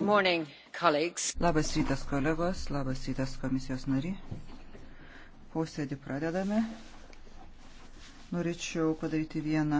Morning, labas rytas kolegos, labas rytas komisijos nari. Posėdį pradedame. Norėčiau padaryti vieną